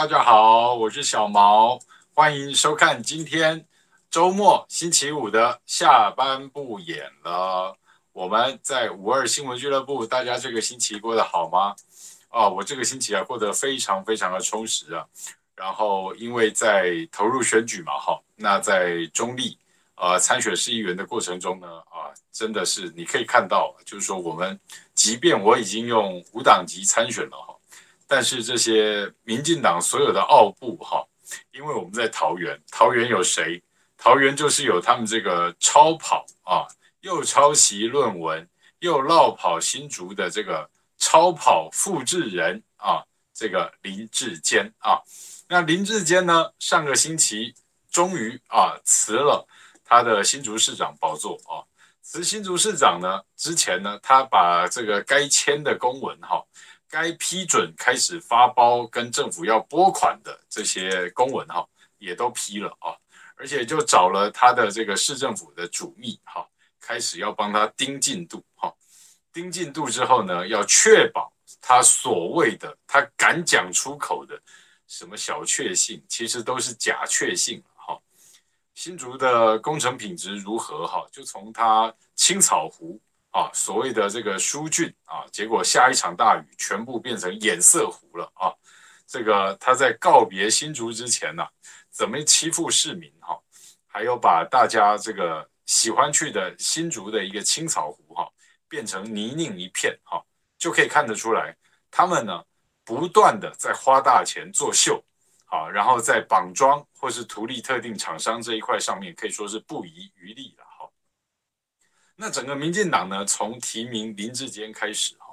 大家好，我是小毛，歡迎收看今天周末星期五的下班不演了。我們在五二新聞聚樂部，大家這個星期過得好嗎？啊，我這個星期啊過得非常非常的充實啊。然後，因為在投入選舉嘛，哈，那在中壢啊、呃、參選市議員的過程中呢，啊，真的是你可以看到，就是說我們，即便我已經用無黨籍參選了。但是這些民進黨所有的奧步哈，因為我們在桃園，桃園有誰？桃園就是有他們這個超跑啊，又抄襲論文又落跑新竹的這個超跑複製人啊，這個林志堅啊。那林志堅呢，上個星期終於啊辭了他的新竹市長寶座啊，辭新竹市長呢之前呢，他把這個該簽的公文哈。該批准開始發包跟政府要撥款的這些公文哈，也都批了啊，而且就找了他的這個市政府的主秘哈，開始要幫他盯進度哈，盯進度之後呢，要確保他所謂的他敢講出口的什麼小確幸，其實都是假確幸哈。新竹的工程品質如何哈？就從他青草湖，啊，所謂的這個疏浚啊，結果下一場大雨，全部變成堰塞湖了啊！這個他在告別新竹之前呢、啊，怎麼欺負市民哈、啊？還有把大家這個喜歡去的新竹的一個青草湖哈、啊，變成泥濘一片哈、啊，就可以看得出來，他們呢不斷的在花大錢作秀，啊，然後在綁樁或是圖利特定廠商這一塊上面，可以說是不遺餘力了。那整個民進黨呢，從提名林智堅開始哈、啊，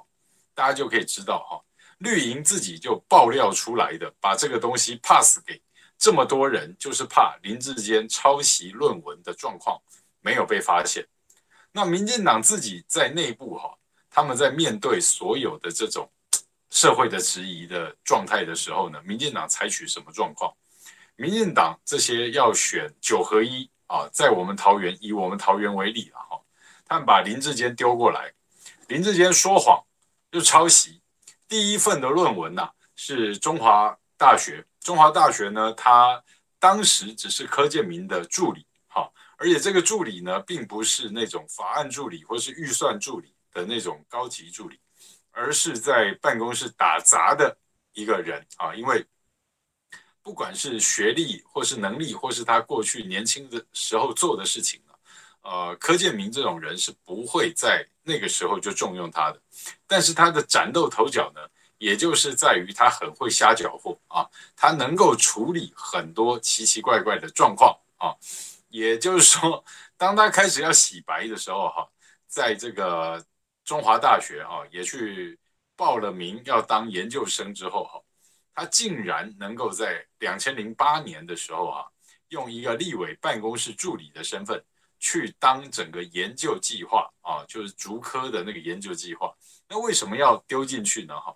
大家就可以知道哈、啊，綠營自己就爆料出來的，把這個東西 pass 給這麼多人，就是怕林智堅抄襲論文的狀況沒有被發現。那民進黨自己在內部哈、啊，他們在面對所有的這種社會的質疑的狀態的時候呢，民進黨採取什麼狀況？民進黨這些要選九合一啊，在我們桃園以我們桃園為例啊。但把林志堅丟過來。林志堅說謊又抄襲。第一份的論文吶、啊，是中華大學。中華大學呢，他當時只是柯建銘的助理，哈。而且這個助理呢，並不是那種法案助理或是預算助理的那種高級助理，而是在辦公室打雜的一個人啊。因為不管是學歷或是能力或是他過去年輕的時候做的事情。呃，柯建銘這種人是不會在那個時候就重用他的，但是他的嶄露頭角呢，也就是在於他很會瞎攪和啊，他能夠處理很多奇奇怪怪的狀況啊，也就是說，當他開始要洗白的時候哈、啊，在這個中華大學啊，也去報了名要當研究生之後哈、啊，他竟然能夠在兩千零八年的時候啊，用一個立委辦公室助理的身份。去當整個研究計劃啊，就是竹科的那個研究計劃。那為什麼要丟進去呢？哈，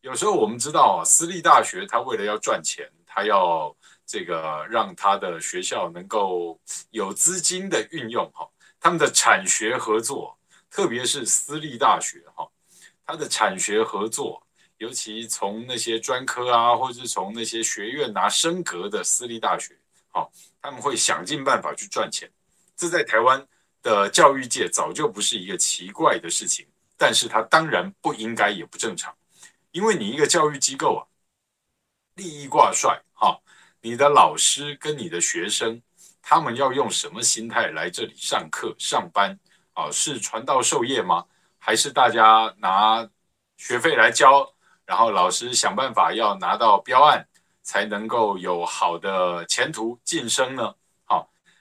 有時候我們知道啊，私立大學他為了要賺錢，他要這個讓他的學校能夠有資金的運用，哈，他們的產學合作，特別是私立大學，哈，他的產學合作，尤其從那些專科啊，或者是從那些學院拿、啊、升格的私立大學，哈，他們會想盡辦法去賺錢。這在台灣的教育界早就不是一個奇怪的事情，但是它當然不應該也不正常，因為你一個教育機構啊，利益掛帥哈、啊，你的老師跟你的學生，他們要用什麼心態來這裡上課上班啊？是傳道授業嗎？還是大家拿學費來交，然後老師想辦法要拿到標案，才能夠有好的前途晉升呢？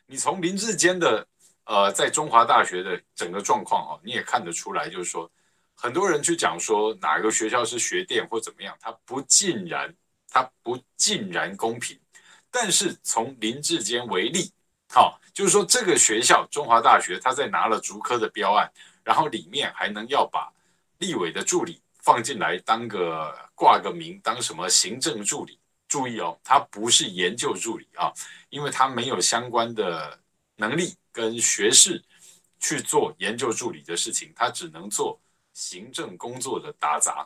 你從林智堅的，呃，在中華大學的整個狀況哦、啊，你也看得出來，就是說，很多人去講說哪個學校是學店或怎麼樣，它不盡然，它不盡然公平。但是從林智堅為例，好、啊，就是說這個學校中華大學，他在拿了竹科的標案，然後裡面還能要把立委的助理放進來當個掛個名，當什麼行政助理。注意哦，他不是研究助理啊，因為他沒有相關的能力跟學識去做研究助理的事情，他只能做行政工作的打雜。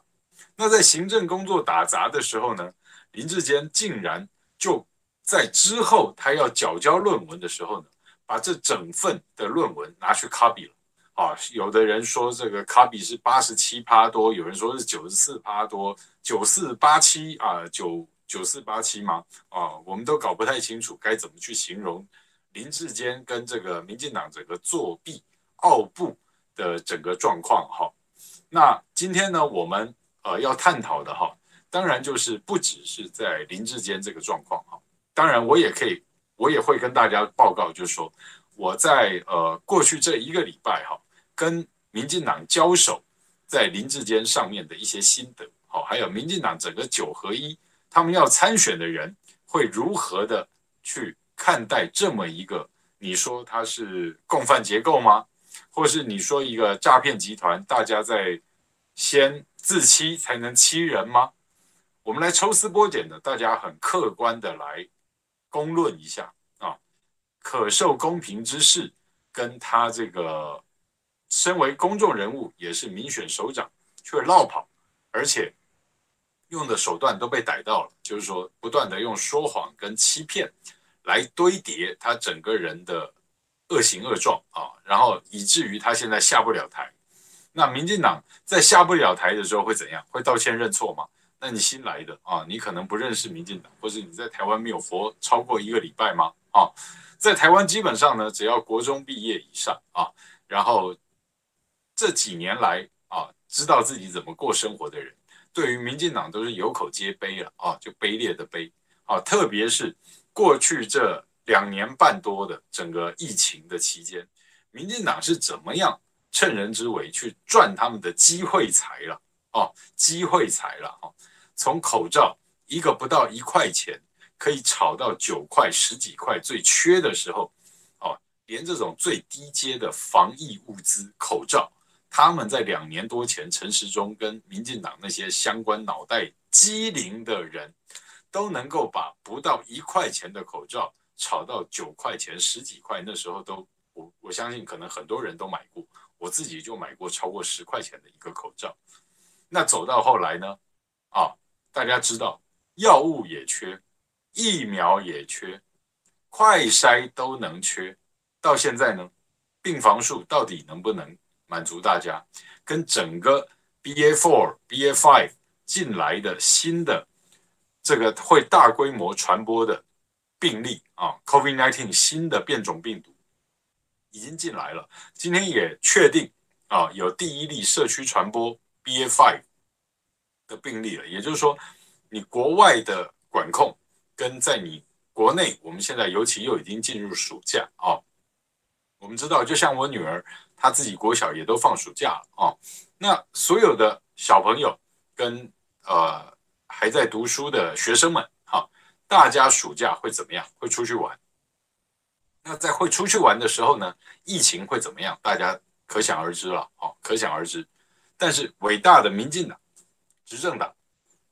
那在行政工作打雜的時候呢，林智堅竟然就在之後他要繳交論文的時候呢，把這整份的論文拿去 copy 了啊、哦。有的人說這個 copy 是八十七趴多，有人說是九十四趴多，九四八七啊九。95, 九四八七嗎？啊、呃，我們都搞不太清楚該怎麼去形容林智堅跟這個民進黨整個作弊、奧步的整個狀況。哈、哦，那今天呢，我們呃要探討的哈、哦，當然就是不只是在林智堅這個狀況。哈、哦，當然我也可以，我也會跟大家報告就說，就是說我在呃過去這一個禮拜哈、哦，跟民進黨交手在林智堅上面的一些心得。好、哦，還有民進黨整個九合一。他們要參選的人會如何的去看待這麼一個？你說他是共犯結構嗎？或是你說一個詐騙集團，大家在先自欺才能欺人嗎？我們來抽絲剝繭的，大家很客觀的來公論一下啊。可受公平之事，跟他這個身為公眾人物，也是民選首長，卻落跑，而且。用的手段都被逮到了，就是說，不斷的用說謊跟欺騙來堆疊他整個人的惡行惡狀啊，然後以至於他現在下不了台。那民進黨在下不了台的時候會怎樣？會道歉認錯嗎？那你新來的啊，你可能不認識民進黨，或者你在台灣沒有活超過一個禮拜嗎？啊，在台灣基本上呢，只要國中畢業以上啊，然後這幾年來啊，知道自己怎麼過生活的人，對於民進黨都是有口皆碑了啊，就卑劣的卑啊，特別是過去這兩年半多的整個疫情的期間，民進黨是怎麼樣趁人之危去賺他們的機會財了啊，機會財了啊，從口罩一個不到一塊錢可以炒到九塊十幾塊，最缺的時候哦、啊，連這種最低階的防疫物資口罩。他們在兩年多前，陳時中跟民進黨那些相關腦袋機靈的人，都能夠把不到一塊錢的口罩炒到九塊錢、十幾塊。那時候都，我我相信可能很多人都買過，我自己就買過超過十塊錢的一個口罩。那走到後來呢？啊，大家知道，藥物也缺，疫苗也缺，快篩都能缺。到現在呢，病房數到底能不能？滿足大家，跟整個 BA Four、BA Five 進來的新的這個會大規模傳播的病例啊，COVID Nineteen 新的變種病毒已經進來了。今天也確定啊，有第一例社區傳播 BA Five 的病例了。也就是說，你國外的管控跟在你國內，我們現在尤其又已經進入暑假啊，我們知道，就像我女兒。他自己國小也都放暑假了哦，那所有的小朋友跟呃還在讀書的學生們哈、啊，大家暑假會怎麼樣？會出去玩？那在會出去玩的時候呢，疫情會怎麼樣？大家可想而知了，哦，可想而知。但是偉大的民進黨執政黨，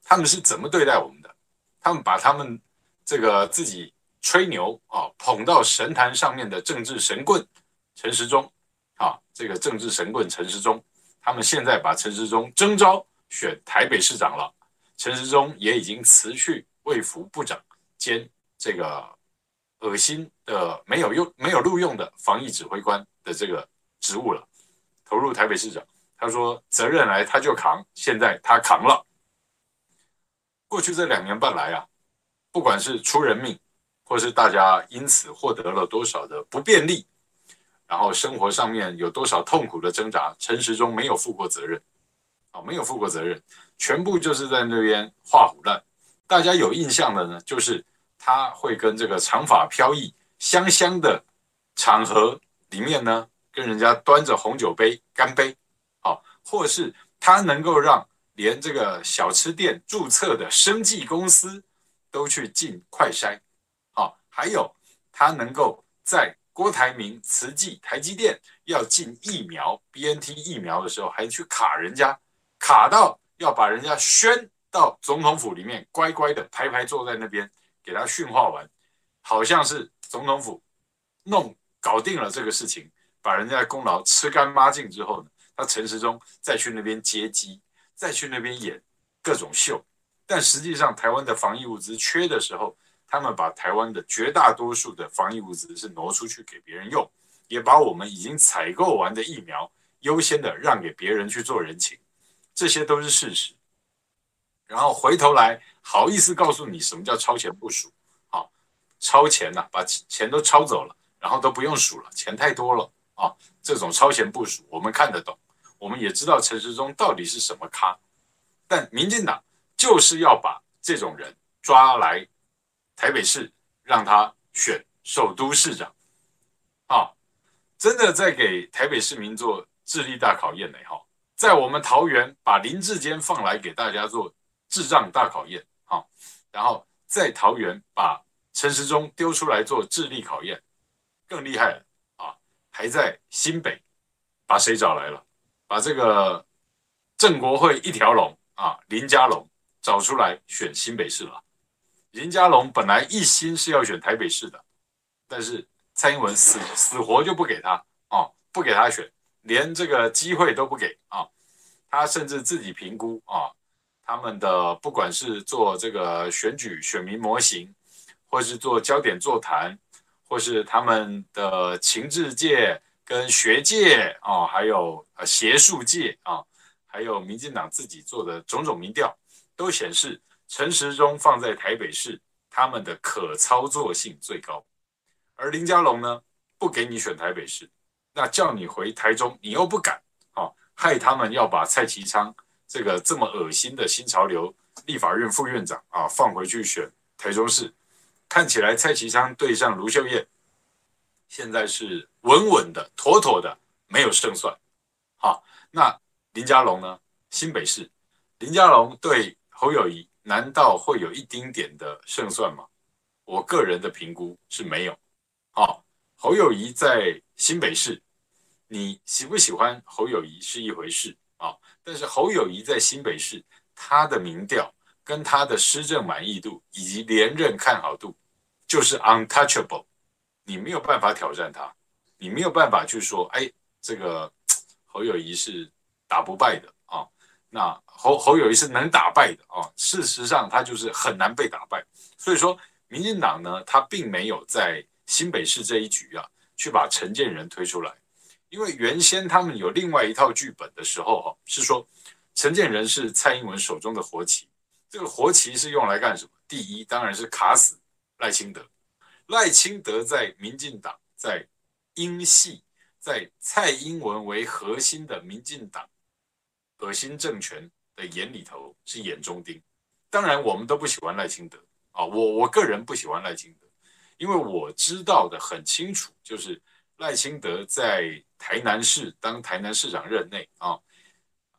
他們是怎麼對待我們的？他們把他們這個自己吹牛啊，捧到神壇上面的政治神棍陳時中。啊，這個政治神棍陳時中，他們現在把陳時中徵召選台北市長了。陳時中也已經辭去衛福部長兼這個噁心的沒有用、沒有錄用的防疫指揮官的這個職務了，投入台北市長。他說責任來他就扛，現在他扛了。過去這兩年半來啊，不管是出人命，或是大家因此獲得了多少的不便利。然後生活上面有多少痛苦的掙扎，陳時中沒有負過責任，哦，沒有負過責任，全部就是在那邊畫唬爛。大家有印象的呢，就是他會跟這個長髮飄逸、香香的場合裡面呢，跟人家端着紅酒杯乾杯，哦，或是他能夠讓連這個小吃店注冊的生技公司都去進快篩，哦，還有他能夠在。郭台銘、慈濟、台積電要進疫苗 BNT 疫苗的時候，還去卡人家，卡到要把人家宣到總統府裡面，乖乖的排排坐在那邊給他訓話完，好像是總統府弄搞定了這個事情，把人家功勞吃乾抹淨之後呢，他陳時中再去那邊接機，再去那邊演各種秀，但實際上台灣的防疫物資缺的時候。他們把台灣的絕大多數的防疫物資是挪出去給別人用，也把我們已經採購完的疫苗優先的讓給別人去做人情，這些都是事實。然後回頭來好意思告訴你什麼叫超前部署？啊，超前吶、啊，把錢都抄走了，然後都不用數了，錢太多了啊！這種超前部署我們看得懂，我們也知道陳時中到底是什麼咖，但民進黨就是要把這種人抓來。台北市讓他選首都市長，啊，真的在給台北市民做智力大考驗呢。哈，在我們桃園把林智堅放來給大家做智障大考驗，哈，然後在桃園把陳時中丟出來做智力考驗，更厲害了啊！還在新北把誰找來了？把這個正國會一條龍啊，林佳龍找出來選新北市了，啊。林佳龍本來一心是要選台北市的，但是蔡英文死死活就不給他啊、哦，不給他選，連這個機會都不給啊、哦。他甚至自己評估啊、哦，他們的不管是做這個選舉選民模型，或是做焦點座談，或是他們的情治界跟學界啊、哦，還有呃、學術界啊、哦，還有民進黨自己做的種種民調，都顯示。陳時中放在台北市，他們的可操作性最高。而林佳龍呢，不給你選台北市，那叫你回台中，你又不敢啊，害他們要把蔡其昌這個這麼噁心的新潮流立法院副院長啊放回去選台中市。看起來蔡其昌對上盧秀燕，現在是穩穩的、妥妥的，沒有勝算。好，那林佳龍呢？新北市，林佳龍對侯友宜。難道會有一丁點的勝算嗎？我個人的評估是沒有。哦，侯友宜在新北市，你喜不喜歡侯友宜是一回事啊，哦，但是侯友宜在新北市，他的民調、跟他的施政滿意度以及連任看好度，就是 untouchable，你沒有辦法挑戰他，你沒有辦法去說，哎，這個侯友宜是打不敗的。那侯侯友宜是能打敗的啊，事實上他就是很難被打敗。所以說，民進黨呢，他並沒有在新北市這一局啊，去把陳建仁推出來，因為原先他們有另外一套劇本的時候、啊，哈，是說陳建仁是蔡英文手中的活棋，這個活棋是用來幹什麼？第一，當然是卡死賴清德。賴清德在民進黨，在英系，在蔡英文為核心的民進黨。噁心政權的眼裡頭是眼中釘，當然我們都不喜歡賴清德啊，我我個人不喜歡賴清德，因為我知道的很清楚，就是賴清德在台南市當台南市長任內啊，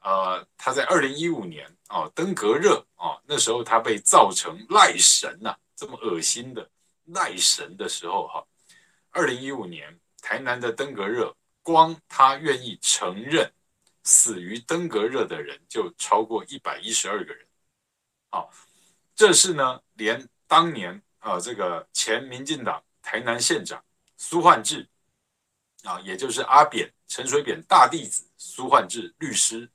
呃，他在二零一五年啊登革熱啊，那時候他被造成賴神吶啊，這麼噁心的賴神的時候哈，二零一五年台南的登革熱，光他願意承認。死於登革熱的人就超過一百一十二個人，好，這是呢，連當年啊這個前民進黨台南縣長蘇煥智啊，也就是阿扁陳水扁大弟子蘇煥智律師，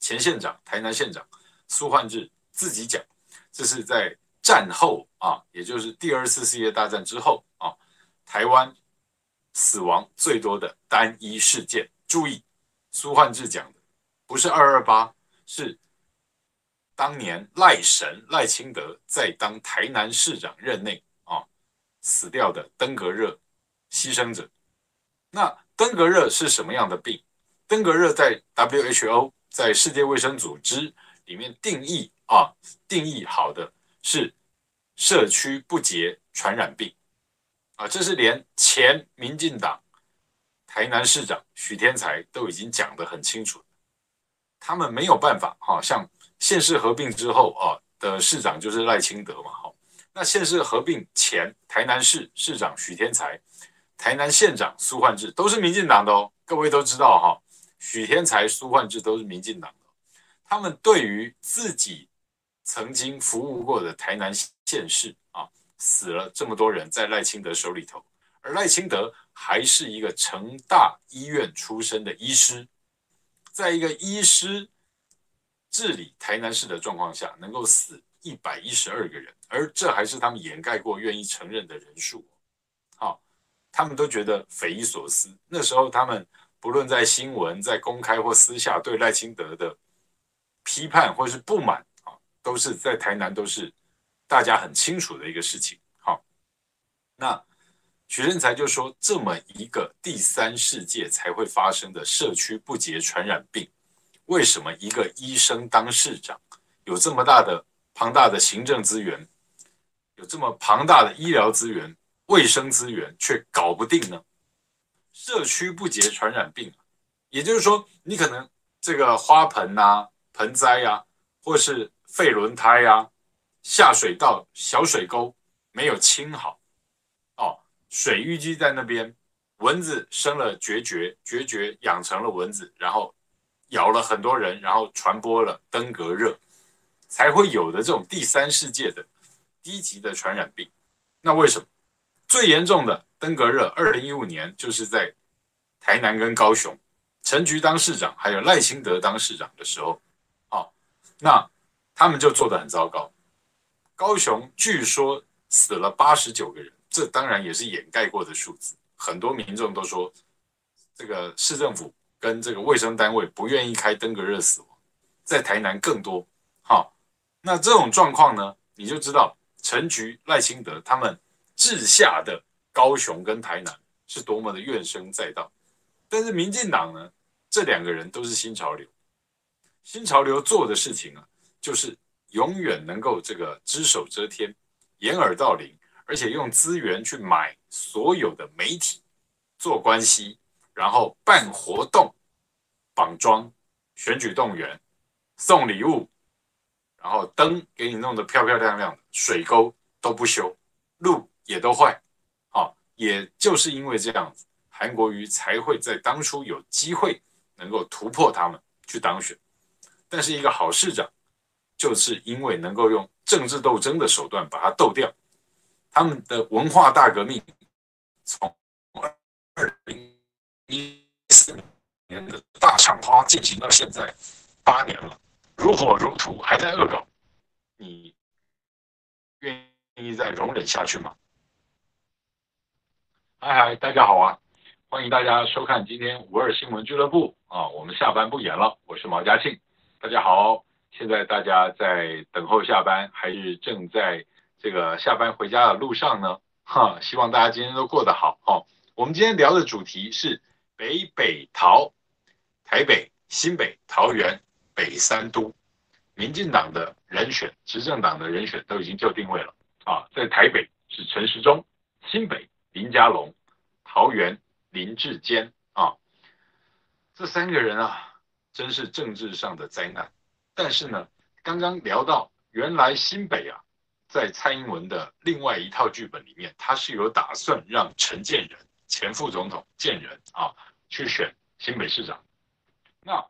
前縣長台南縣長蘇煥智自己講，這是在戰後啊，也就是第二次世界大戰之後啊，台灣死亡最多的單一事件，注意。蘇煥智講的不是二二八，是當年賴神賴清德在當台南市長任內啊死掉的登革熱犧牲者。那登革熱是什麼樣的病？登革熱在 WHO 在世界衛生組織裡面定義啊，定義好的是社區不潔傳染病啊，這是連前民進黨。台南市長許添財都已經講得很清楚，他們沒有辦法哈、啊。像縣市合併之後啊的市長就是賴清德嘛哈。那縣市合併前，台南市市長許添財，台南縣長蘇煥智都是民進黨的哦。各位都知道哈，許添財、蘇煥智都是民進黨的。他們對於自己曾經服務過的台南縣市啊，死了這麼多人在賴清德手裡頭。而賴清德還是一個成大醫院出身的醫師，在一個醫師治理台南市的狀況下，能夠死一百一十二個人，而這還是他們掩蓋過、願意承認的人數。好，他們都覺得匪夷所思。那時候，他們不論在新聞、在公開或私下對賴清德的批判或是不滿，啊，都是在台南都是大家很清楚的一個事情。好，那。許勝才就說：“這麼一個第三世界才會發生的社區不潔傳染病，為什麼一個醫生當市長，有這麼大的龐大的行政資源，有這麼龐大的醫療資源、衛生資源，卻搞不定呢？社區不潔傳染病、啊，也就是說，你可能這個花盆啊、盆栽啊，或是廢輪胎啊、下水道、小水溝沒有清好。”水淤積在那邊，蚊子生了孑孓孑孓，養成了蚊子，然後咬了很多人，然後傳播了登革熱，才會有的這種第三世界的低級的傳染病。那為什麼最嚴重的登革熱，二零一五年就是在台南跟高雄，陳菊當市長，還有賴清德當市長的時候，哦，那他們就做得很糟糕。高雄據說死了八十九個人。這當然也是掩蓋過的數字，很多民眾都說，這個市政府跟這個衛生單位不願意開登革熱死亡，在台南更多。哈，那這種狀況呢，你就知道陳菊賴清德他們治下的高雄跟台南是多麼的怨聲載道。但是民進黨呢，這兩個人都是新潮流，新潮流做的事情啊，就是永遠能夠這個只手遮天，掩耳盜鈴。而且用資源去買所有的媒體，做關係，然後辦活動，綁樁、選舉動員、送禮物，然後燈給你弄得漂漂亮亮的，水溝都不修，路也都壞。好，啊，也就是因為這樣子，韓國瑜才會在當初有機會能夠突破他們去當選。但是一個好市長，就是因為能夠用政治鬥爭的手段把他鬥掉。他們的文化大革命從二零一四年的大腸花進行到現在八年了，如火如荼，還在惡搞，你願意再容忍下去嗎？嗨嗨，大家好啊，歡迎大家收看今天五二新聞聚樂部啊，我們下班不演了，我是毛嘉慶，大家好，現在大家在等候下班，還是正在？這個下班回家的路上呢，哈，希望大家今天都過得好哦，我們今天聊的主題是北北桃，台北、新北、桃園、北三都，民進黨的人選、執政黨的人選都已經就定位了啊。在台北是陳時中，新北林佳龍，桃園林志堅啊，這三個人啊，真是政治上的災難。但是呢，剛剛聊到原來新北啊。在蔡英文的另外一套劇本裡面，他是有打算讓陳建仁前副總統建仁啊去選新北市長。那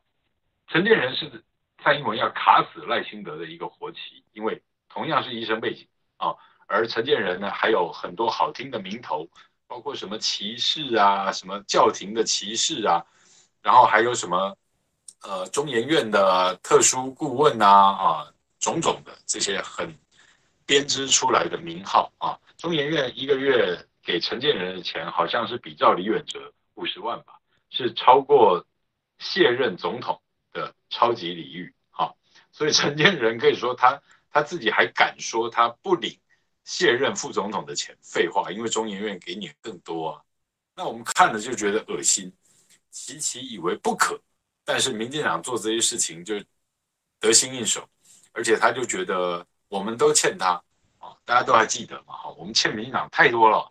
陳建仁是蔡英文要卡死賴清德的一個活棋，因為同樣是醫生背景啊，而陳建仁呢還有很多好聽的名頭，包括什麼騎士啊，什麼教廷的騎士啊，然後還有什麼呃中研院的特殊顧問吶、啊，啊種種的這些很。編織出來的名號啊！中研院一個月給陳建仁的錢，好像是比照李遠哲五十萬吧，是超過卸任總統的超級禮遇啊！所以陳建仁可以說他他自己還敢說他不領卸任副總統的錢，廢話，因為中研院給你更多啊！那我們看了就覺得噁心，期期以為不可，但是民進黨做這些事情就得心應手，而且他就覺得。我們都欠他啊，大家都還記得嘛？哈，我們欠民進黨太多了。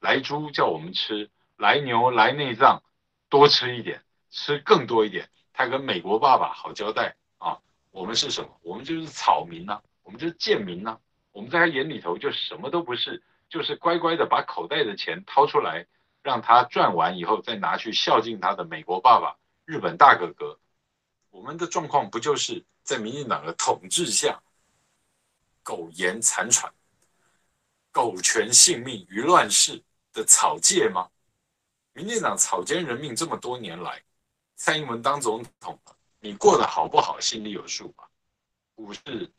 萊豬叫我們吃，萊牛萊內臟，多吃一點，吃更多一點。他跟美國爸爸好交代啊。我們是什麼？我們就是草民吶、啊，我們就是賤民吶、啊。我們在他眼裡頭就什麼都不是，就是乖乖的把口袋的錢掏出來，讓他賺完以後再拿去孝敬他的美國爸爸、日本大哥哥。我們的狀況不就是在民進黨的統治下？苟延殘喘、苟全性命於亂世的草芥嗎？民進黨草菅人命這麼多年來，蔡英文當總統，你過得好不好？心裡有數吧。股市，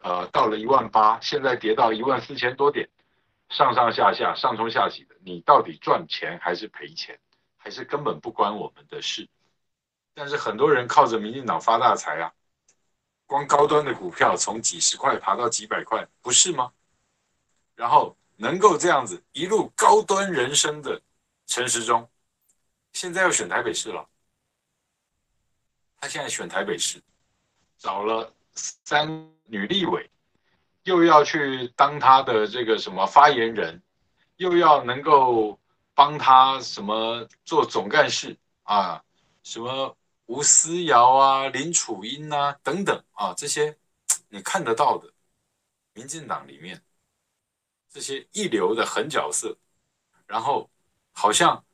呃，到了一萬八，現在跌到一萬四千多點，上上下下、上沖下洗的，你到底賺錢還是賠錢？還是根本不關我們的事？但是很多人靠着民進黨發大財啊。光高端的股票從幾十塊爬到幾百塊，不是嗎？然後能夠這樣子一路高端人生的陳時中，現在要選台北市了。他現在選台北市，找了三女立委，又要去當他的這個什麼發言人，又要能夠幫他什麼做總幹事啊，什麼。吳思瑤啊，林楚茵啊，等等啊，這些你看得到的，民進黨裡面這些一流的狠角色，然後好像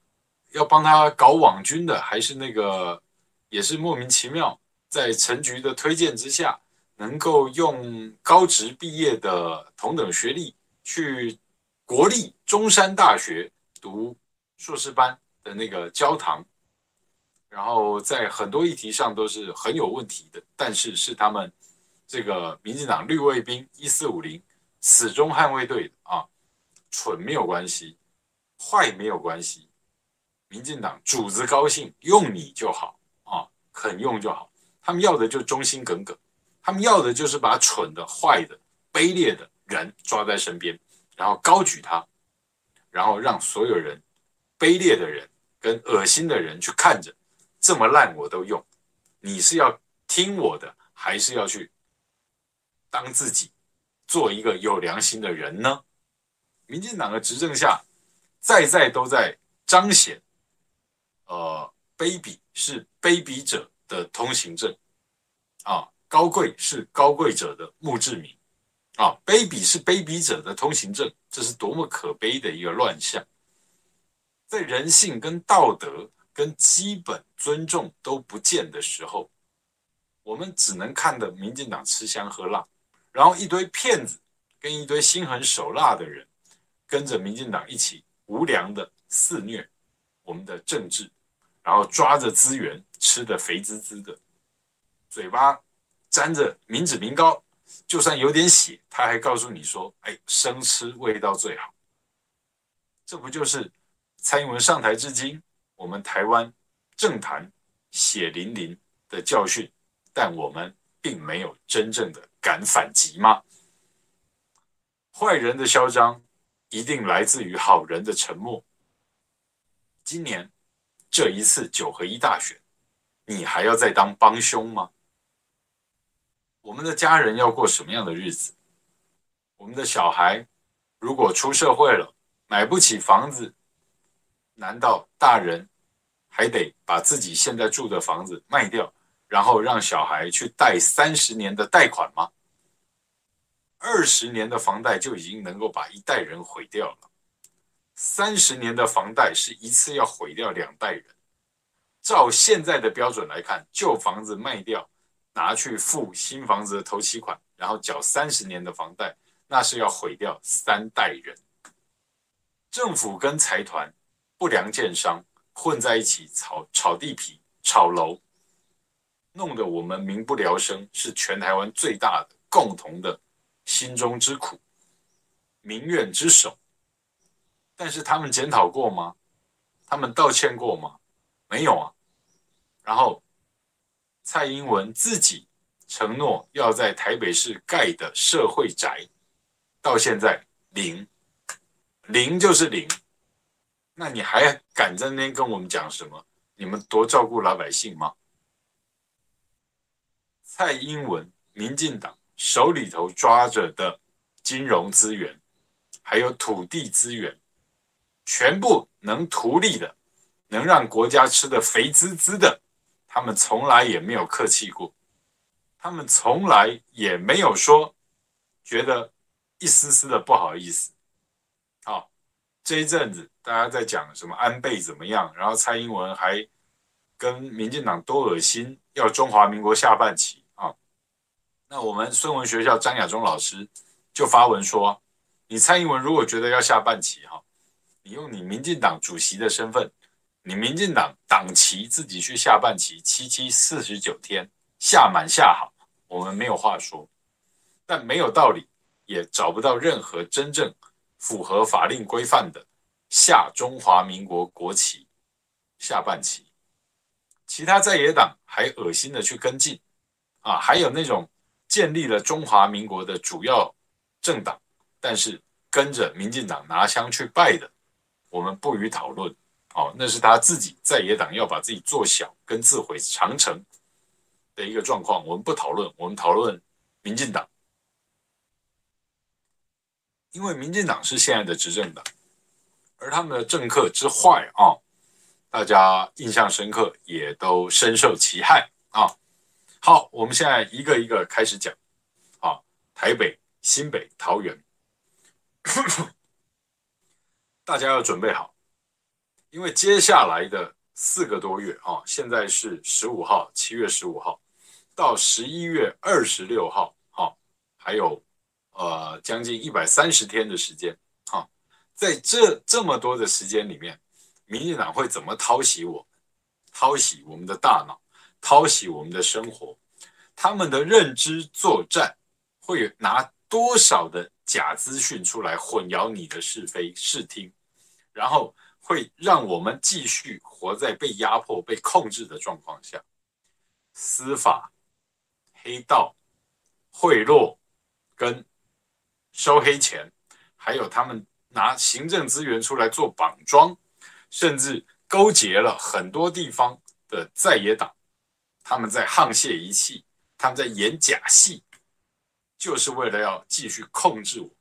要幫他搞網軍的，還是那個也是莫名其妙，在陳菊的推薦之下，能夠用高職畢業的同等學歷去國立中山大學讀碩士班的那個焦糖。然後在很多議題上都是很有問題的，但是是他們這個民進黨綠衛兵一四五零死忠捍衛隊的啊，蠢沒有關係，壞沒有關係，民進黨主子高興用你就好啊，肯用就好，他們要的就忠心耿耿，他們要的就是把蠢的、壞的、卑劣的人抓在身邊，然後高舉他，然後讓所有人卑劣的人跟惡心的人去看着。這麼爛我都用，你是要聽我的，還是要去當自己，做一個有良心的人呢？民進黨的執政下，在在都在彰顯，呃，卑鄙是卑鄙者的通行證，啊，高貴是高貴者的墓志銘，啊，卑鄙是卑鄙者的通行證，這是多麼可悲的一個亂象，在人性跟道德跟基本尊重都不見的時候，我們只能看著民進黨吃香喝辣，然後一堆騙子跟一堆心狠手辣的人跟着民進黨一起無良的肆虐我們的政治，然後抓着資源吃得肥滋滋的，嘴巴沾着民脂民膏，就算有點血，他還告訴你說：“哎，生吃味道最好。”這不就是蔡英文上台至今？我們台灣政壇血淋淋的教訓，但我們並沒有真正的敢反擊嗎？壞人的囂張一定來自於好人的沉默。今年這一次九合一大選，你還要再當幫兇嗎？我們的家人要過什麼樣的日子？我們的小孩如果出社會了，買不起房子？難道大人還得把自己現在住的房子賣掉，然後讓小孩去貸三十年的貸款嗎？二十年的房貸就已經能夠把一代人毀掉了，三十年的房貸是一次要毀掉兩代人。照現在的標準來看，舊房子賣掉，拿去付新房子的頭期款，然後繳三十年的房貸，那是要毀掉三代人。政府跟財團、不良建商，混在一起炒炒地皮、炒樓，弄得我們民不聊生，是全台灣最大的共同的心中之苦、民怨之首。但是他們檢討過嗎？他們道歉過嗎？沒有啊。然後蔡英文自己承諾要在台北市蓋的社會宅，到現在零零就是零。那你還敢在那邊跟我們講什麼？你們多照顧老百姓嗎？蔡英文、民進黨手裡頭抓着的金融資源，還有土地資源，全部能圖利的，能讓國家吃的肥滋滋的，他們從來也沒有客氣過，他們從來也沒有說覺得一絲絲的不好意思。好，這一陣子。大家在講什麼？安倍怎麼樣？然後蔡英文還跟民進黨多噁心，要中華民國下半旗啊？那我們孫文學校張亞中老師就發文說：“你蔡英文如果覺得要下半旗哈，你用你民進黨主席的身份，你民進黨黨旗自己去下半旗，七七四十九天下滿下好，我們沒有話說，但沒有道理，也找不到任何真正符合法令規範的。”下中華民國國旗，下半旗。其他在野黨還噁心的去跟進啊！還有那種建立了中華民國的主要政黨，但是跟着民進黨拿槍去拜的，我們不予討論。哦，那是他自己在野黨要把自己做小，跟自毀長城的一個狀況。我們不討論，我們討論民進黨，因為民進黨是現在的執政黨。而他們的政客之壞啊，大家印象深刻，也都深受其害啊。好，我們現在一個一個開始講啊，台北、新北、桃園， 大家要準備好，因為接下來的四個多月啊，現在是十五號，七月十五號到十一月二十六號啊，還有呃將近一百三十天的時間。在這這麼多的時間裡面，民進黨會怎麼淘洗我、淘洗我們的大腦、淘洗我們的生活？他們的認知作戰會拿多少的假資訊出來混淆你的是非視聽，然後會讓我們繼續活在被壓迫、被控制的狀況下。司法、黑道、賄賂跟收黑錢，還有他們。拿行政資源出來做綁樁，甚至勾結了很多地方的在野黨，他們在沆瀣一氣，他們在演假戲，就是為了要繼續控制我們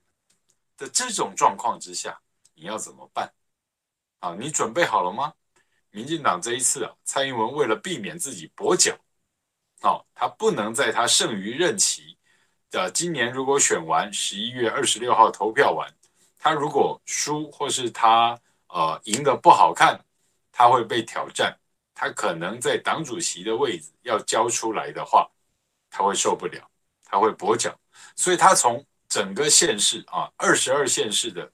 的這種狀況之下，你要怎麼辦？啊，你準備好了嗎？民進黨這一次啊，蔡英文為了避免自己跛腳，哦，他不能在他剩餘任期，呃，今年如果選完十一月二十六號投票完。他如果輸，或是他呃贏得不好看，他會被挑戰。他可能在黨主席的位置要交出來的話，他會受不了，他會跛腳，所以他從整個縣市啊，二十二縣市的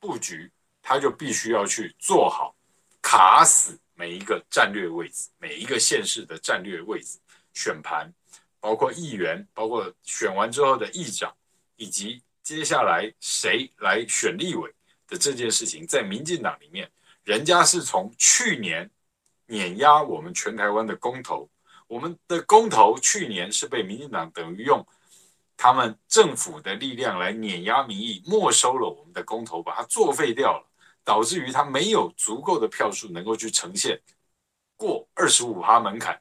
布局，他就必須要去做好卡死每一個戰略位置，每一個縣市的戰略位置選盤，包括議員，包括選完之後的議長，以及。接下來誰來選立委的這件事情，在民進黨裡面，人家是從去年碾壓我們全台灣的公投，我們的公投去年是被民進黨等於用他們政府的力量來碾壓民意，沒收了我們的公投，把它作廢掉了，導致於它沒有足夠的票數能夠去呈現過二十五趴門檻，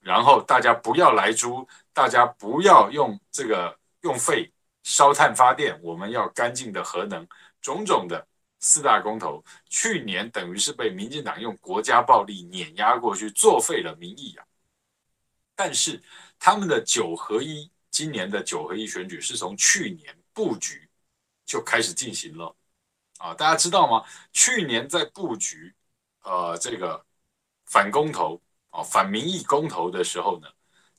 然後大家不要萊豬，大家不要用這個用廢。燒炭發電，我們要乾淨的核能，種種的四大公投，去年等於是被民進黨用國家暴力碾壓過去，作廢了民意啊，但是他們的九合一，今年的九合一選舉是從去年布局就開始進行了啊，大家知道嗎？去年在布局，呃，這個反公投啊，反民意公投的時候呢，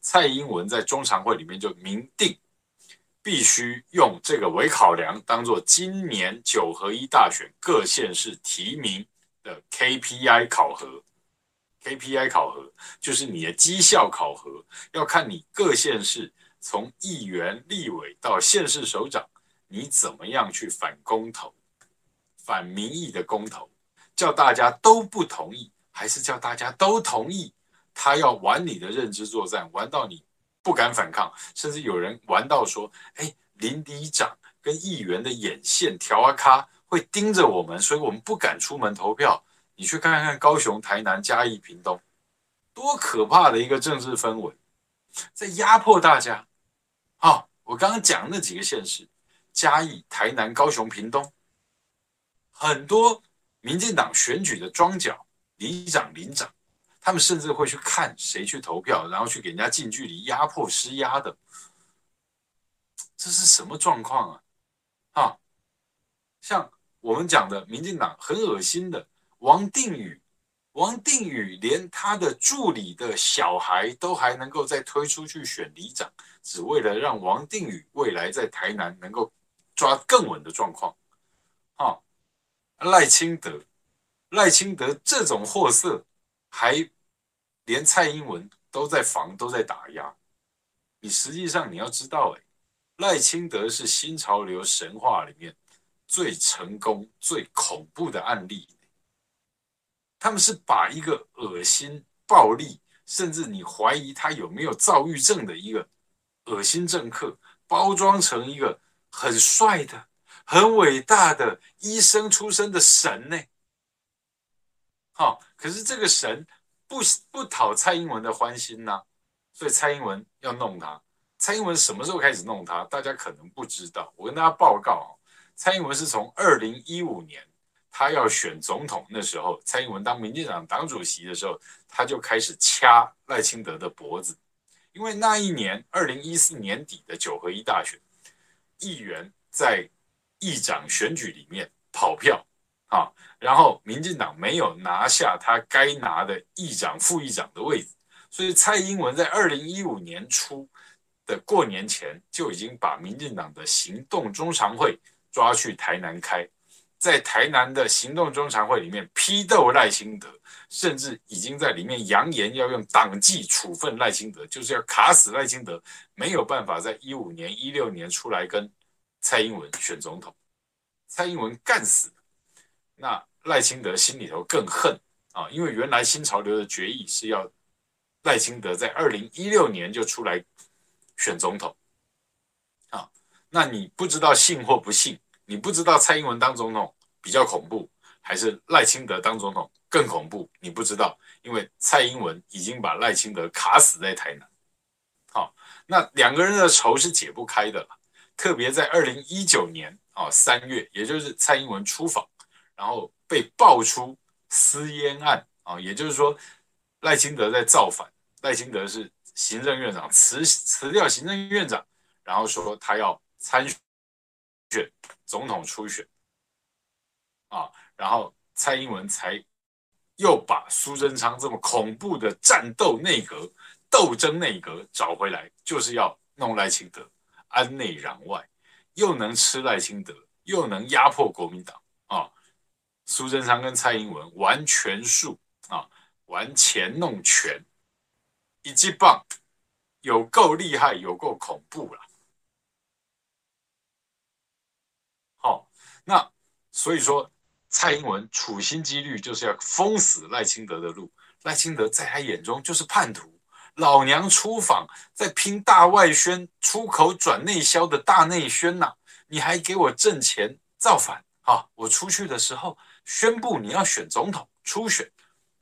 蔡英文在中常會裡面就明定。必須用這個為考量，當做今年九合一大選各縣市提名的 KPI 考核。KPI 考核就是你的績效考核，要看你各縣市從議員、立委到縣市首長，你怎麼樣去反公投、反民意的公投，叫大家都不同意，還是叫大家都同意？他要玩你的認知作戰，玩到你不敢反抗，甚至有人玩到說：“哎、欸，林里長跟議員的眼線條阿、啊、咖會盯着我們，所以我們不敢出門投票。”你去看看高雄、台南、嘉義、屏東，多可怕的一個政治氛圍，在壓迫大家。好、哦，我剛剛講那幾個現實：嘉義、台南、高雄、屏東，很多民進黨選舉的莊腳、里長、里長。他們甚至會去看誰去投票，然後去給人家近距離壓迫施壓的，這是什麼狀況啊？啊，像我們講的，民進黨很惡心的王定宇，王定宇連他的助理的小孩都還能夠再推出去選里長，只為了讓王定宇未來在台南能夠抓更穩的狀況。啊，賴清德，賴清德這種貨色。還連蔡英文都在防，都在打壓。你實際上你要知道，欸，賴清德是新潮流神話裡面最成功、最恐怖的案例。他們是把一個噁心、暴力，甚至你懷疑他有沒有躁鬱症的一個噁心政客，包裝成一個很帥的、很偉大的醫生出身的神呢？好。可是這個神不不討蔡英文的歡心吶啊，所以蔡英文要弄他。蔡英文什麼時候開始弄他？大家可能不知道。我跟大家報告啊，蔡英文是從二零一五年他要選總統那時候，蔡英文當民進黨黨主席的時候，他就開始掐賴清德的脖子，因為那一年二零一四年底的九合一大選，議員在議長選舉裡面跑票。啊，然後民進黨沒有拿下他該拿的議長、副議長的位置，所以蔡英文在二零一五年初的過年前就已經把民進黨的行動中常會抓去台南開，在台南的行動中常會裡面批鬥賴清德，甚至已經在裡面揚言要用黨紀處分賴清德，就是要卡死賴清德，沒有辦法在一五年、一六年出來跟蔡英文選總統，蔡英文幹死。那賴清德心裡頭更恨啊，因為原來新潮流的決議是要賴清德在二零一六年就出來選總統啊。那你不知道信或不信，你不知道蔡英文當總統比較恐怖，還是賴清德當總統更恐怖，你不知道，因為蔡英文已經把賴清德卡死在台南。好，那兩個人的仇是解不開的，特別在二零一九年啊三月，也就是蔡英文出訪。然後被爆出私煙案啊，也就是說賴清德在造反，賴清德是行政院長，辭辭掉行政院長，然後說他要參選總統初選，啊，然後蔡英文才又把蘇貞昌這麼恐怖的戰鬥內閣鬥爭內閣找回來，就是要弄賴清德，安內攘外，又能吃賴清德，又能壓迫國民黨啊。蘇貞昌跟蔡英文玩權術啊，玩錢弄權，一級棒，有夠厲害，有夠恐怖了、啊。好、哦，那所以說，蔡英文處心積慮就是要封死賴清德的路，賴清德在他眼中就是叛徒。老娘出訪在拼大外宣，出口轉內銷的大內宣吶、啊，你還給我掙錢造反啊、哦？我出去的時候，宣佈你要選總統初選，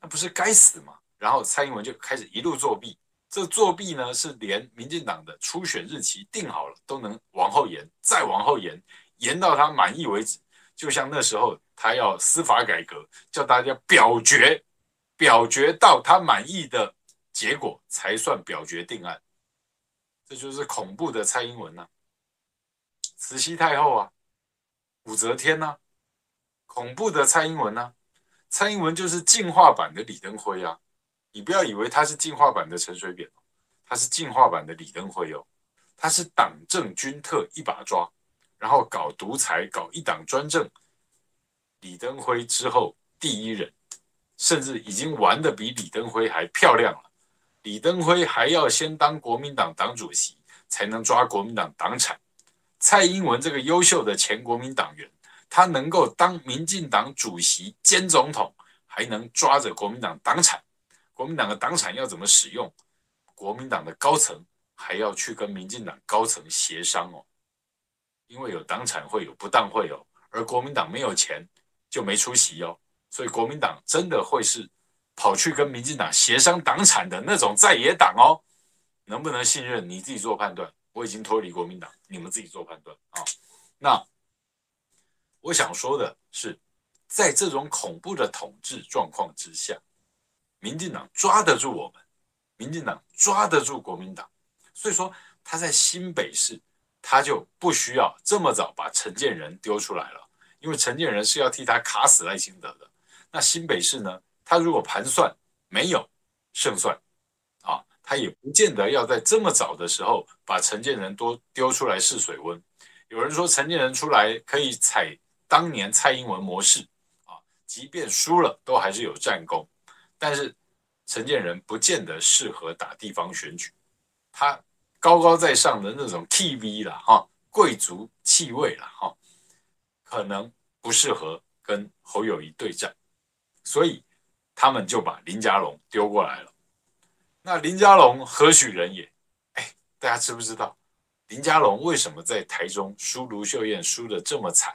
那不是該死嗎？然後蔡英文就開始一路作弊，這作弊呢是連民進黨的初選日期定好了都能往後延，再往後延，延到他滿意為止。就像那時候他要司法改革，叫大家表決，表決到他滿意的結果才算表決定案。這就是恐怖的蔡英文啊，慈禧太後啊，武則天啊。恐怖的蔡英文呢、啊？蔡英文就是進化版的李登輝呀！你不要以為他是進化版的陳水扁哦，他是進化版的李登輝哦，他是黨政軍特一把抓，然後搞獨裁，搞一黨專政。李登輝之後第一人，甚至已經玩得比李登輝還漂亮了。李登輝還要先當國民黨黨主席才能抓國民黨黨產，蔡英文這個優秀的前國民黨員。他能夠當民進黨主席兼總統，還能抓着國民黨黨產，國民黨的黨產要怎麼使用？國民黨的高層還要去跟民進黨高層協商哦，因為有黨產會有不當會有，而國民黨沒有錢就沒出息哦，所以國民黨真的會是跑去跟民進黨協商黨產的那種在野黨哦，能不能信任你自己做判斷，我已經脫離國民黨，你們自己做判斷啊、哦，那。我想說的是，在這種恐怖的統治狀況之下，民進黨抓得住我們，民進黨抓得住國民黨，所以說他在新北市，他就不需要這麼早把陳建仁丟出來了，因為陳建仁是要替他卡死賴清德的。那新北市呢，他如果盤算沒有勝算，啊，他也不見得要在這麼早的時候把陳建仁都丟出來試水溫。有人說陳建仁出來可以踩。當年蔡英文模式啊，即便輸了都還是有戰功，但是陳建仁不見得適合打地方選舉，他高高在上的那種 TV 了哈，貴族氣味了哈，可能不適合跟侯友宜對戰，所以他們就把林佳龍丟過來了。那林佳龍何許人也？哎，大家知不知道林佳龍為什麼在台中輸盧秀燕輸得這麼慘？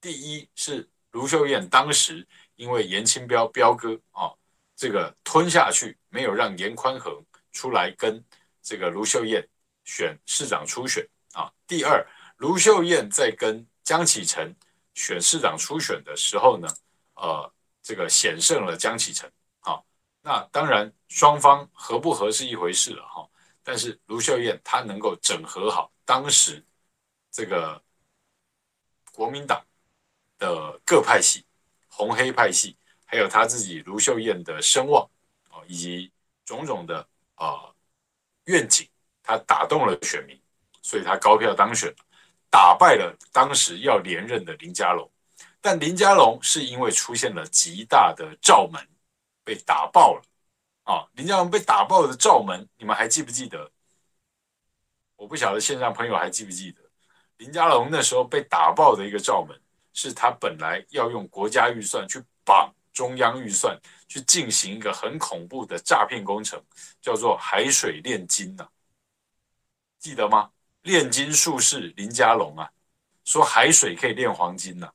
第一是盧秀燕當時因為顏清標標哥啊，這個吞下去，沒有讓顏寬恆出來跟這個盧秀燕選市長初選啊。第二，盧秀燕在跟江啟臣選市長初選的時候呢，呃，這個險勝了江啟臣啊。那當然，雙方合不合是一回事了哈、啊。但是盧秀燕她能夠整合好當時這個國民黨。的各派系，紅黑派系，還有他自己盧秀燕的聲望，啊，以及種種的啊呃、願景，他打動了選民，所以他高票當選，打敗了當時要連任的林佳龍。但林佳龍是因為出現了極大的罩門，被打爆了。啊，林佳龍被打爆的罩門，你們還記不記得？我不曉得線上朋友還記不記得林佳龍那時候被打爆的一個罩門。是他本來要用國家預算去綁中央預算，去進行一個很恐怖的詐騙工程，叫做海水煉金吶、啊，記得嗎？煉金術士林佳龍啊，說海水可以煉黃金吶、啊，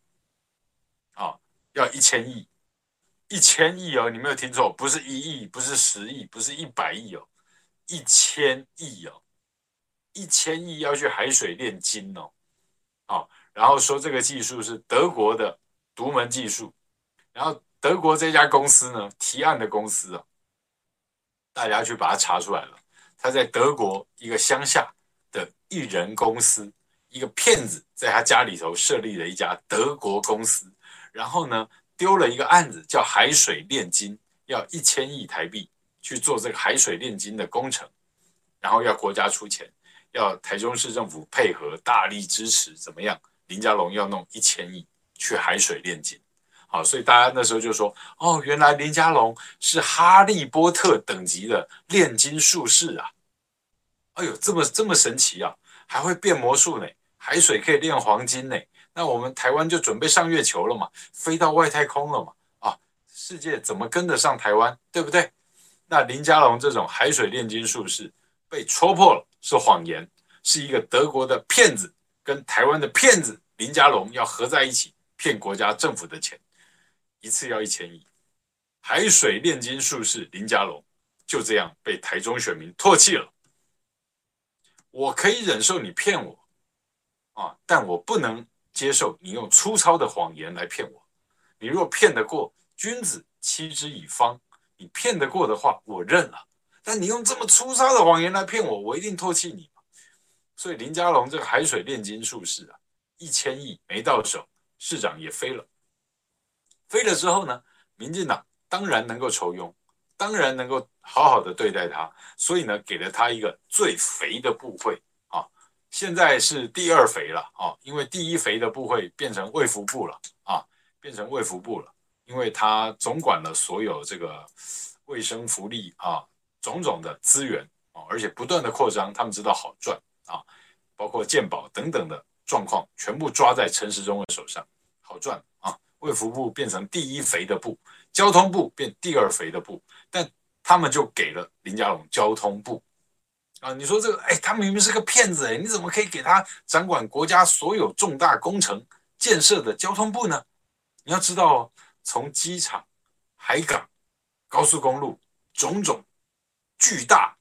啊，要一千億，一千億哦，你沒有聽錯，不是一億，不是十億，不是一百億哦，一千億哦，一千億要去海水煉金哦，啊。然後說這個技術是德國的獨門技術，然後德國這家公司呢，提案的公司啊，大家去把它查出來了。他在德國一個鄉下的一人公司，一個騙子在他家裡頭設立了一家德國公司，然後呢丟了一個案子，叫海水煉金，要一千億台幣去做這個海水煉金的工程，然後要國家出錢，要台中市政府配合大力支持，怎麼樣？林佳龍要弄一千億去海水煉金，好，所以大家那時候就說：“哦，原來林佳龍是哈利波特等級的煉金術士啊！哎呦，這麼這麼神奇啊，還會變魔術呢，海水可以煉黃金呢。那我們台灣就準備上月球了嘛，飛到外太空了嘛，啊，世界怎麼跟得上台灣，對不對？那林佳龍這種海水煉金術士被戳破了，是謊言，是一個德國的騙子。”跟台灣的騙子林佳龍要合在一起騙國家政府的錢，一次要一千億。海水煉金術士林佳龍就這樣被台中選民唾棄了。我可以忍受你騙我，啊，但我不能接受你用粗糙的謊言來騙我。你若騙得過君子欺之以方，你騙得過的話我認了。但你用這麼粗糙的謊言來騙我，我一定唾棄你。所以林佳龍這個海水煉金術士啊，一千億沒到手，市長也飛了，飛了之後呢，民進黨當然能夠酬庸，當然能夠好好的對待他，所以呢，給了他一個最肥的部會啊，現在是第二肥了啊，因為第一肥的部會變成衛福部了啊，變成衛福部了，因為他總管了所有這個衛生福利啊種種的資源啊，而且不斷的擴張，他們知道好賺。啊，包括健保等等的狀況，全部抓在陳時中的手上，好賺啊！衛福部變成第一肥的部，交通部變第二肥的部，但他們就給了林佳龍交通部啊！你說這個，哎、欸，他明明是個騙子哎、欸，你怎麼可以給他掌管國家所有重大工程建設的交通部呢？你要知道哦，從機場、海港、高速公路種種巨大、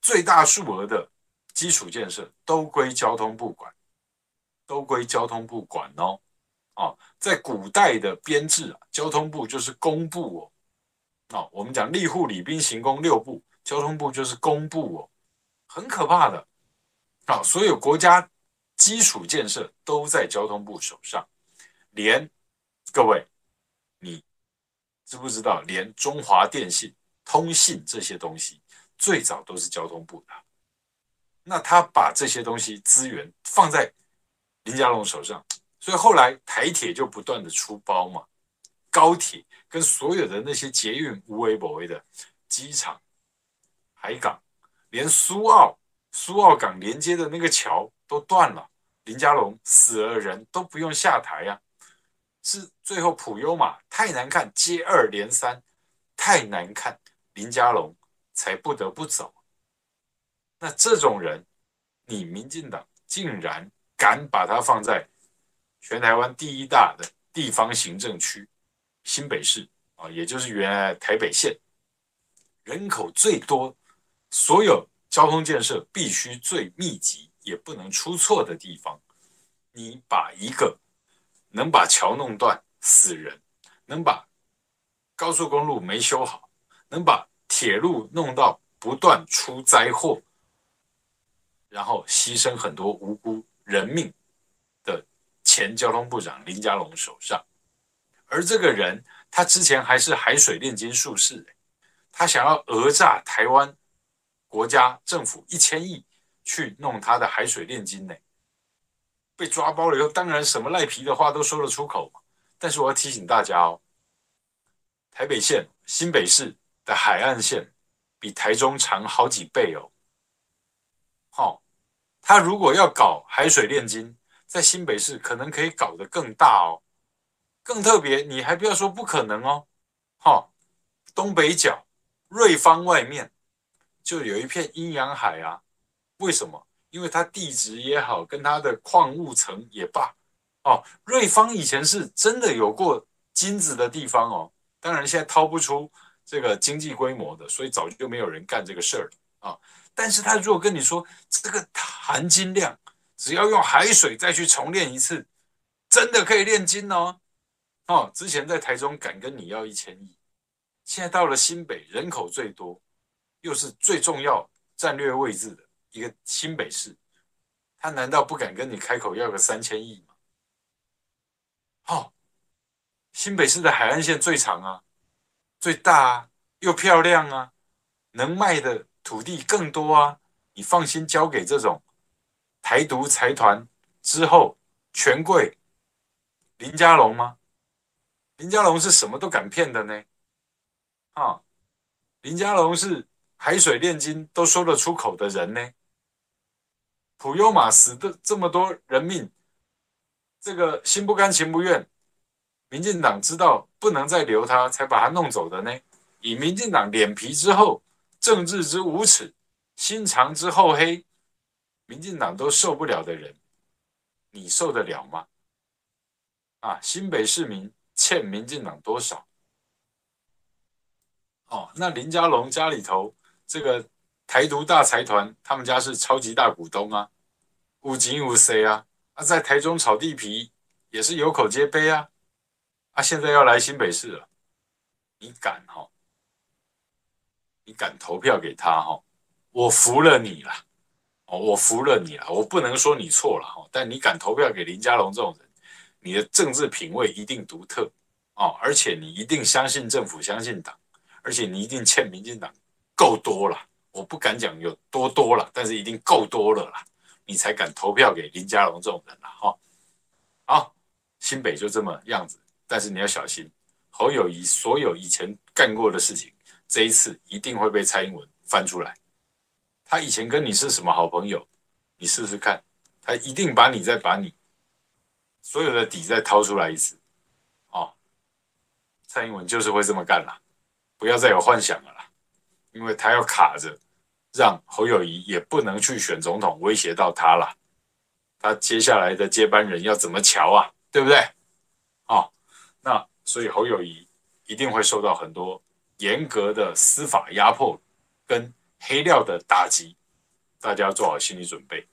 最大數額的。基礎建設都歸交通部管，都歸交通部管哦。哦，在古代的編制啊，交通部就是工部哦。哦，我們講吏戶禮兵刑工六部，交通部就是工部哦。很可怕的啊、哦！所有國家基礎建設都在交通部手上，連各位，你知不知道？連中華電信、通信這些東西，最早都是交通部的。那他把這些東西資源放在林佳龍手上，所以後來台鐵就不斷的出包嘛，高鐵跟所有的那些捷運無微不微的，機場、海港，連蘇澳蘇澳港連接的那個橋都斷了。林佳龍死了人都不用下台呀、啊，是最後普悠瑪太難看，接二連三太難看，林佳龍才不得不走。那這種人，你民進黨竟然敢把他放在全台灣第一大的地方行政區，新北市啊，也就是原來台北縣，人口最多，所有交通建設必須最密集，也不能出錯的地方，你把一個能把橋弄斷死人，能把高速公路沒修好，能把鐵路弄到不斷出災禍。然後犧牲很多無辜人命的前交通部長林佳龍手上，而這個人他之前還是海水煉金術士，他想要訛詐台灣國家政府一千億去弄他的海水煉金呢，被抓包了以後，當然什麼賴皮的話都說得出口。但是我要提醒大家哦，台北縣新北市的海岸線比台中長好幾倍哦。他如果要搞海水煉金，在新北市可能可以搞得更大哦，更特別。你還不要說不可能哦，哈、哦，東北角瑞芳外面就有一片陰陽海啊。為什麼？因為它地質也好，跟它的礦物層也罷。哦，瑞芳以前是真的有過金子的地方哦。當然，現在掏不出這個經濟規模的，所以早就沒有人幹這個事兒啊。哦但是他如果跟你說這個含金量，只要用海水再去重煉一次，真的可以煉金哦。哦，之前在台中敢跟你要一千億，現在到了新北，人口最多，又是最重要戰略位置的一個新北市，他難道不敢跟你開口要個三千億嗎？哦，新北市的海岸線最長啊，最大啊，又漂亮啊，能賣的。土地更多啊！你放心交給這種台獨財團之後權貴林佳龍嗎？林佳龍是什麼都敢騙的呢？啊，林佳龍是海水煉金都說得出口的人呢？普悠瑪死的這麼多人命，這個心不甘情不願，民進黨知道不能再留他，才把他弄走的呢。以民進黨臉皮之厚。政治之無恥，心腸之厚黑，民進黨都受不了的人，你受得了嗎？啊，新北市民欠民進黨多少？哦，那林佳龍家裡頭這個台獨大財團，他們家是超級大股東啊，五盡五 C 啊！啊，在台中炒地皮也是有口皆碑啊，啊，現在要來新北市了，你敢哈、哦？你敢投票給他哈？我服了你了哦！我服了你了，我不能說你錯了哈，但你敢投票給林佳龍這種人，你的政治品味一定獨特哦，而且你一定相信政府，相信黨，而且你一定欠民進黨夠多了，我不敢講有多多了，但是一定夠多了啦，你才敢投票給林佳龍這種人了哈。好，新北就這麼樣子，但是你要小心，侯友宜所有以前幹過的事情。這一次一定會被蔡英文翻出來。他以前跟你是什麼好朋友，你試試看，他一定把你再把你所有的底再掏出來一次。哦，蔡英文就是會這麼幹了，不要再有幻想了啦，因為他要卡着，讓侯友宜也不能去選總統，威脅到他了。他接下來的接班人要怎麼喬啊？對不對？哦，那所以侯友宜一定會受到很多。嚴格的司法壓迫跟黑料的打擊，大家要做好心理準備。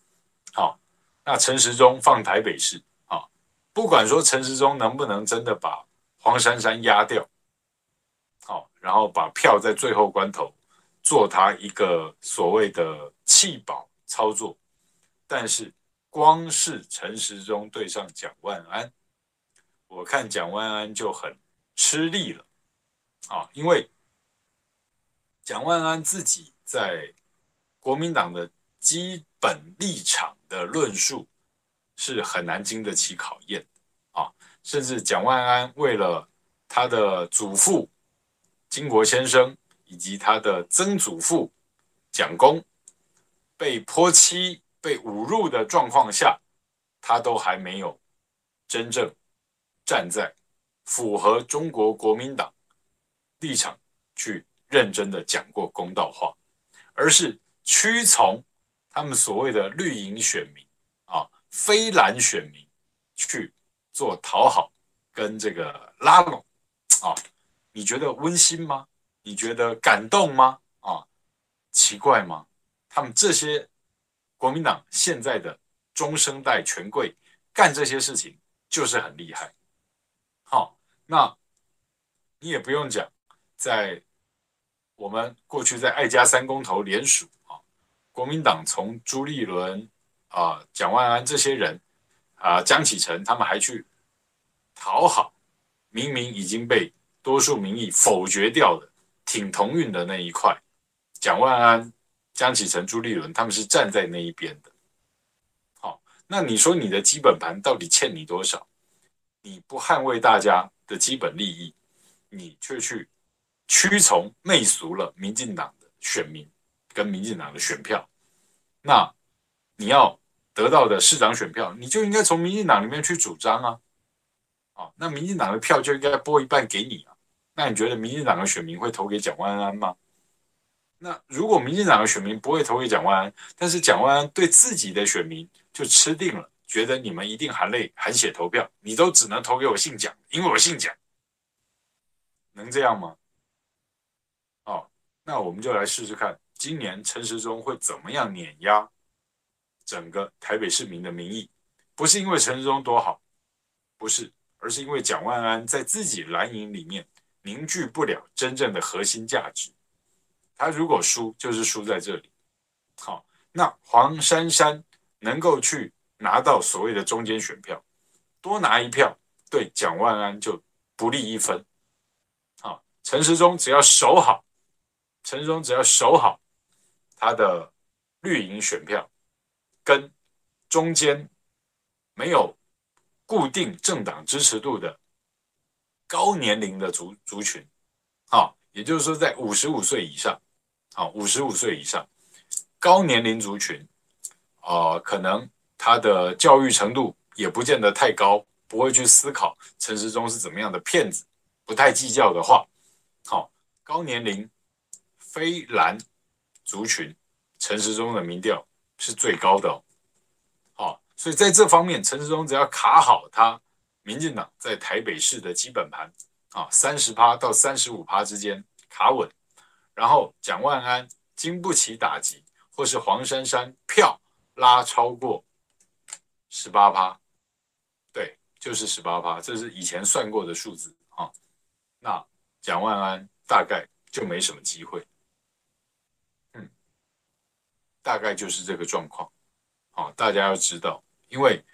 好，那陳時中放台北市啊，不管說陳時中能不能真的把黃珊珊壓掉，好，然後把票在最後關頭做他一個所謂的棄保操作，但是光是陳時中對上蔣萬安，我看蔣萬安就很吃力了啊，因為。蔣萬安自己在國民黨的基本立場的論述是很難經得起考驗啊！甚至蔣萬安為了他的祖父經國先生以及他的曾祖父蔣公被潑漆、被侮辱的狀況下，他都還沒有真正站在符合中國國民黨立場去認真的講過公道話，而是屈從他們所謂的綠營選民啊，非藍選民去做討好跟這個拉攏啊？你覺得溫馨嗎？你覺得感動嗎？啊？奇怪嗎？他們這些國民黨現在的中生代權貴幹這些事情就是很厲害。好，那你也不用講在。我們過去在愛家三公投聯署啊，國民黨從朱立倫啊、呃、蔣萬安這些人啊、呃、江啟臣他們還去討好，明明已經被多數民意否決掉的挺同運的那一塊，蔣萬安、江啟臣、朱立倫，他們是站在那一邊的。好、哦，那你說你的基本盤到底欠你多少？你不捍衛大家的基本利益，你卻去。屈從媚俗了民進黨的選民跟民進黨的選票，那你要得到的市長選票，你就應該從民進黨裡面去主張啊！哦，那民進黨的票就應該撥一半給你啊。那你覺得民進黨的選民會投給蔣萬安嗎？那如果民進黨的選民不會投給蔣萬安，但是蔣萬安對自己的選民就吃定了，覺得你們一定含淚含血投票，你都只能投給我姓蔣，因為我姓蔣，能這樣嗎？那我們就來試試看，今年陳時中會怎麼樣碾壓整個台北市民的民意？不是因為陳時中多好，不是，而是因為蔣萬安在自己藍營裡面凝聚不了真正的核心價值。他如果輸，就是輸在這裡。好，那黃珊珊能夠去拿到所謂的中間選票，多拿一票，對蔣萬安就不利一分。好，陳時中只要守好。陳時中只要守好他的綠營選票，跟中間沒有固定政黨支持度的高年齡的族族群，啊，也就是說在五十五歲以上，啊，五十五歲以上高年齡族群，啊，可能他的教育程度也不見得太高，不會去思考陳時中是怎麼樣的騙子，不太計較的話，好，高年齡。非藍族群陳時中的民調是最高的哦，哦、啊。所以在這方面，陳時中只要卡好他，民進黨在台北市的基本盤啊，三十趴到三十五趴之間卡穩，然後蔣萬安經不起打擊，或是黃珊珊票拉超過十八趴，對，就是十八趴，這是以前算過的數字啊，那蔣萬安大概就沒什麼機會。大概就是這個狀況，啊，大家要知道，因為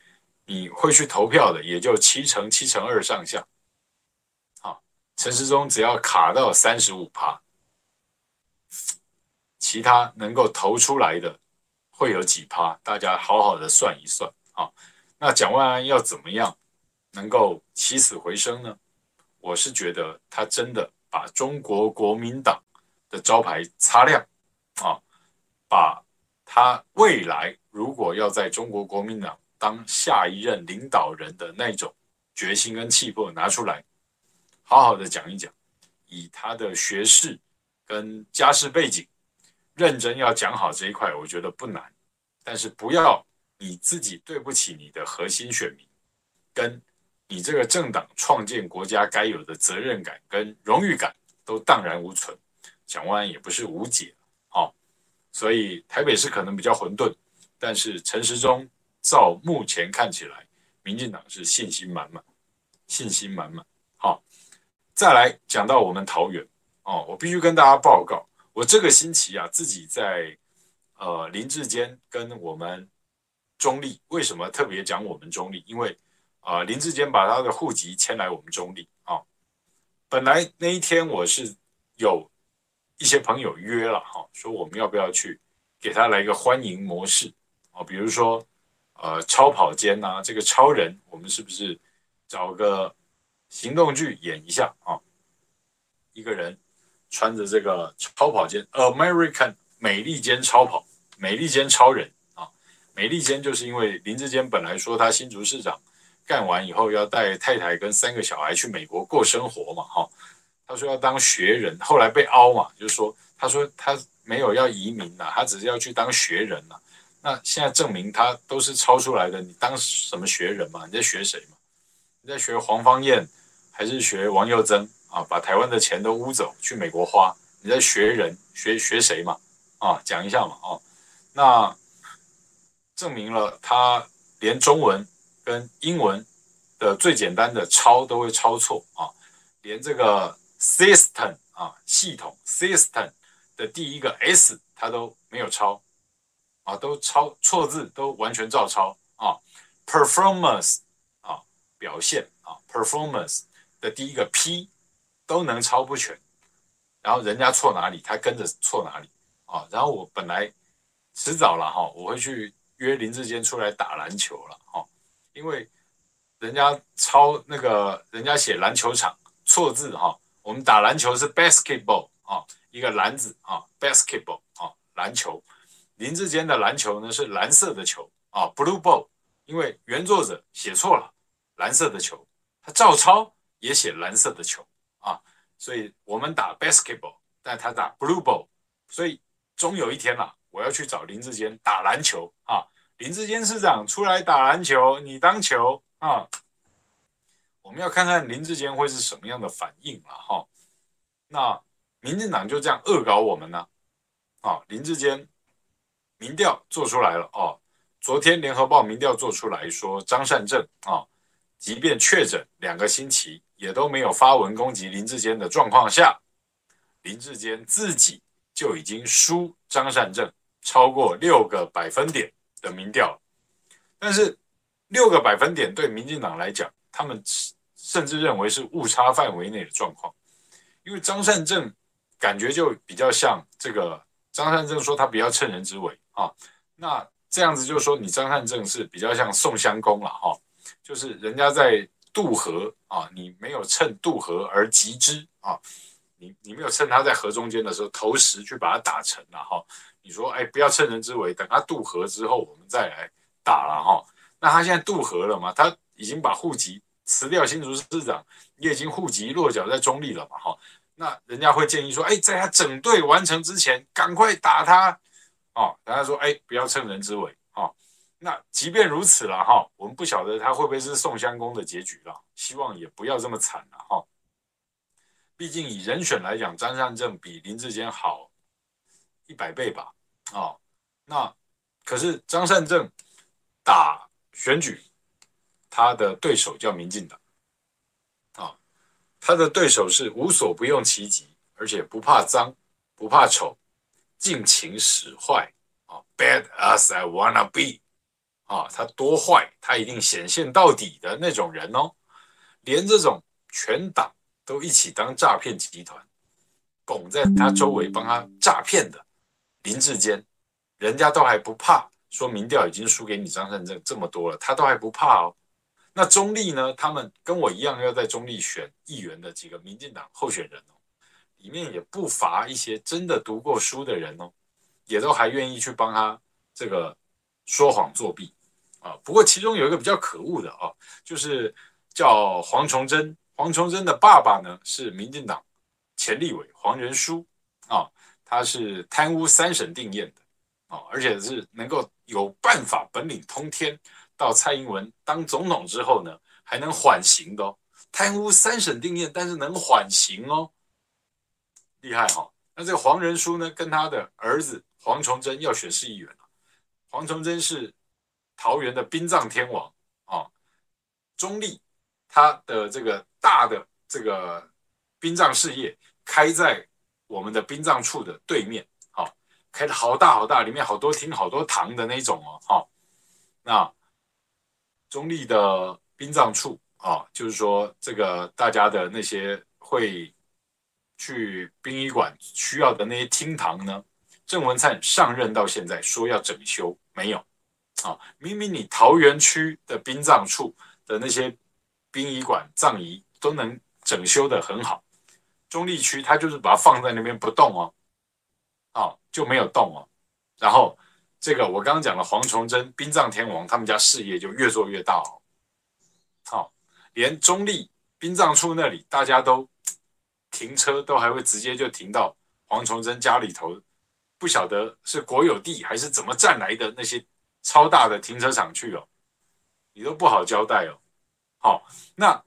你會去投票的，也就七成、七成二上下，啊，陳時中只要卡到三十五趴，其他能夠投出來的會有幾趴，大家好好的算一算啊。那蔣萬安要怎麼樣能夠起死回生呢？我是覺得他真的把中國國民黨的招牌擦亮啊，把。他未來如果要在中國國民黨當下一任領導人的那種決心跟氣魄拿出來，好好的講一講，以他的學識跟家世背景，認真要講好這一塊，我覺得不難。但是不要你自己對不起你的核心選民，跟你這個政黨創建國家該有的責任感跟榮譽感都蕩然無存。蔣萬安也不是無解。所以台北市可能比較混沌，但是陳時中照目前看起來，民進黨是信心滿滿，信心滿滿。好，再來講到我們桃園哦，我必須跟大家報告，我這個星期啊自己在呃林智堅跟我們中壢，為什麼特別講我們中壢？因為啊、呃、林智堅把他的戶籍遷來我們中壢啊、哦，本來那一天我是有。一些朋友約了哈，說我們要不要去給他來一個歡迎模式啊？比如說，呃，超跑堅吶、啊，這個超人，我們是不是找個行動劇演一下啊？一個人穿着這個超跑堅，American 美利堅超跑堅，美利堅超人啊，美利堅就是因為林智堅本來說他新竹市長幹完以後要帶太太跟三個小孩去美國過生活嘛哈。他說要當學人，後來被凹嘛，就是說，他說他沒有要移民了，啊，他只是要去當學人了，啊。那現在證明他都是抄出來的，你當什麼學人嘛？你在學誰嘛？你在學黃芳彥，還是學王又曾啊？把台灣的錢都污走去美國花，你在學人學學誰、啊、嘛？啊，講一下嘛啊，那證明了他連中文跟英文的最簡單的抄都會抄錯啊，連這個。System 啊，系統，System 的第一個 S 他都沒有抄啊，都抄錯字都完全照抄啊。Performance 啊，表現啊，Performance 的第一個 P 都能抄不全，然後人家錯哪裡，他跟着錯哪裡啊。然後我本來遲早了哈、啊，我會去約林智堅出來打籃球了哈、啊，因為人家抄那個，人家寫籃球場錯字哈。啊我們打籃球是 basketball 啊，一個籃子啊 basketball 啊，籃球。林志堅的籃球呢是藍色的球啊，blue ball。因為原作者寫錯了，藍色的球，他照抄也寫藍色的球啊，所以我們打 basketball，但他打 blue ball。所以終有一天了，我要去找林志堅打籃球啊，林志堅市長出來打籃球，你當球啊。我們要看看林智堅會是什麼樣的反應哈、啊哦。那民進黨就這樣惡搞我們呢？啊，啊，林智堅民調做出來了哦。昨天聯合報民調做出來說，張善政啊，即便確診兩個星期，也都沒有發文攻擊林智堅的狀況下，林智堅自己就已經輸張善政超過六個百分點的民調。但是六個百分點對民進黨來講，他們。甚至認為是誤差範圍內的狀況，因為張善政感覺就比較像這個。張善政說他比較趁人之危啊，那這樣子就是說你張善政是比較像宋襄公了哈，就是人家在渡河啊，你沒有趁渡河而擊之啊，你你沒有趁他在河中間的時候投石去把他打沉了哈。你說哎，不要趁人之危，等他渡河之後我們再來打了哈。那他現在渡河了嘛，他已經把戶籍。辭掉新竹市市長，你已經戶籍落腳在中壢了嘛？哈，那人家會建議說，哎、欸，在他整隊完成之前，趕快打他，哦，人家說，哎、欸，不要趁人之危，哦，那即便如此了，哈，我們不曉得他會不會是宋襄公的結局了，希望也不要這麼慘了，哈、哦，畢竟以人選來講，張善政比林智堅好一百倍吧，哦，那可是張善政打選舉。他的對手叫民進黨，啊、哦，他的對手是無所不用其極，而且不怕髒、不怕醜，盡情使壞，啊、哦，bad as I wanna be，啊、哦，他多壞，他一定顯現到底的那種人哦。連這種全黨都一起當詐騙集團，拱在他周圍幫他詐騙的林智堅，人家都還不怕，說民調已經輸給你張善政這麼多了，他都還不怕哦。那中立呢？他們跟我一樣要在中立選議員的幾個民進黨候選人哦，裡面也不乏一些真的讀過書的人哦，也都還願意去幫他這個說謊作弊啊。不過其中有一個比較可惡的哦、啊，就是叫黃崇禎。黃崇禎的爸爸呢是民進黨前立委黃仁書啊，他是貪污三審定讞的啊，而且是能夠有辦法本領通天。到蔡英文當總統之後呢，還能緩刑的哦，貪污三審定讞，但是能緩刑哦，厲害哦。那這個黃仁書呢，跟他的兒子黃崇禎要選市議員，黃崇禎是桃園的殯葬天王哦，中壢，他的這個大的這個殯葬事業開在我們的殯葬處的對面，好、哦、開得好大好大，裡面好多廳好多堂的那種哦，哈、哦，那。中壢的殯葬處啊，就是說這個大家的那些會去殯儀館需要的那些廳堂呢，鄭文燦上任到現在說要整修沒有？啊，明明你桃園區的殯葬處的那些殯儀館葬儀都能整修得很好，中壢區他就是把它放在那邊不動哦，哦、啊、就沒有動哦，然後。這個我剛，剛講了黃崇禎，殯葬藏天王，他們家事業就越做越大。好，連中壢殯葬、葬處那裡，大家都停車都還會直接就停到黃崇禎家裡頭，不曉得是國有地還是怎麼占來的那些超大的停車場去了，哦，你都不好交代哦。好，那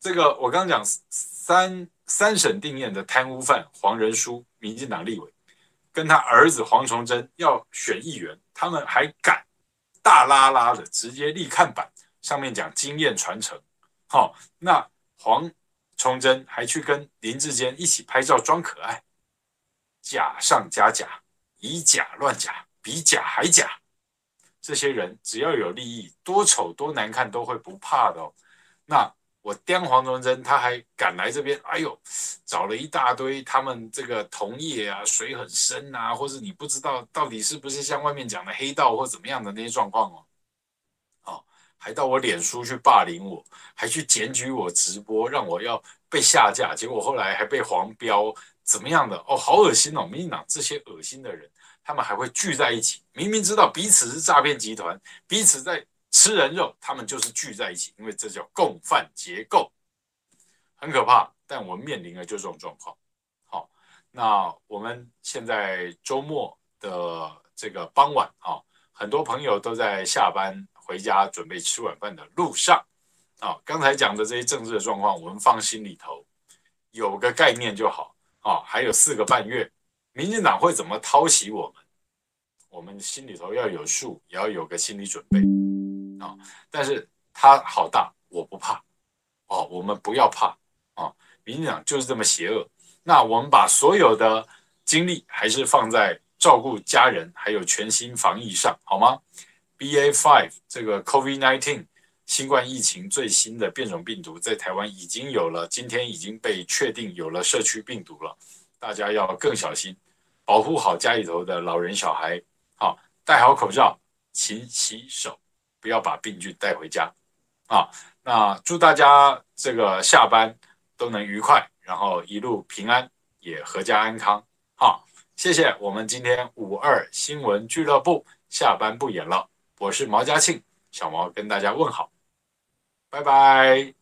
這個我剛講三三審定讞的貪污犯黃仁書，民進黨立委。跟他兒子黃崇禎要選議員，他們還敢大拉拉的直接立看板，上面講經驗傳承，好，那黃崇禎還去跟林智堅一起拍照裝可愛，假上加假、假，以假亂假，比假還假。這些人只要有利益，多醜多難看都會不怕的哦。那。我顛黃忠珍，他還敢來這邊？哎呦，找了一大堆他們這個同業啊，水很深啊，或是你不知道到底是不是像外面講的黑道或怎麼樣的那些狀況哦、啊。哦，還到我臉書去霸凌我，還去檢舉我直播，讓我要被下架。結果後來還被黃標怎麼樣的？哦，好噁心哦！民進黨這些噁心的人，他們還會聚在一起，明明知道彼此是詐騙集團，彼此在。吃人肉，他們就是聚在一起，因為這叫共犯結構，很可怕。但我們面臨的就是這種狀況。好、哦，那我們現在周末的這個傍晚啊、哦，很多朋友都在下班回家準備吃晚飯的路上啊、哦。剛才講的這些政治的狀況，我們放心裡頭有個概念就好啊、哦。還有四個半月，民進黨會怎麼淘洗我們？我們心裡頭要有數，也要有個心理準備。啊、哦！但是它好大，我不怕。哦，我們不要怕啊、哦！民進黨就是這麼邪惡。那我們把所有的精力還是放在照顧家人，還有全心防疫上，好嗎？BA five 這個 COVID nineteen 新冠疫情最新的變種病毒在台灣已經有了，今天已經被確定有了社區病毒了。大家要更小心，保護好家裡頭的老人小孩，好、哦，戴好口罩，勤洗手。不要把病菌帶回家，啊！那祝大家這個下班都能愉快，然後一路平安，也闔家安康，好、啊，謝謝，我們今天五二新聞聚樂部下班不演了，我是毛嘉慶，小毛跟大家問好，拜拜。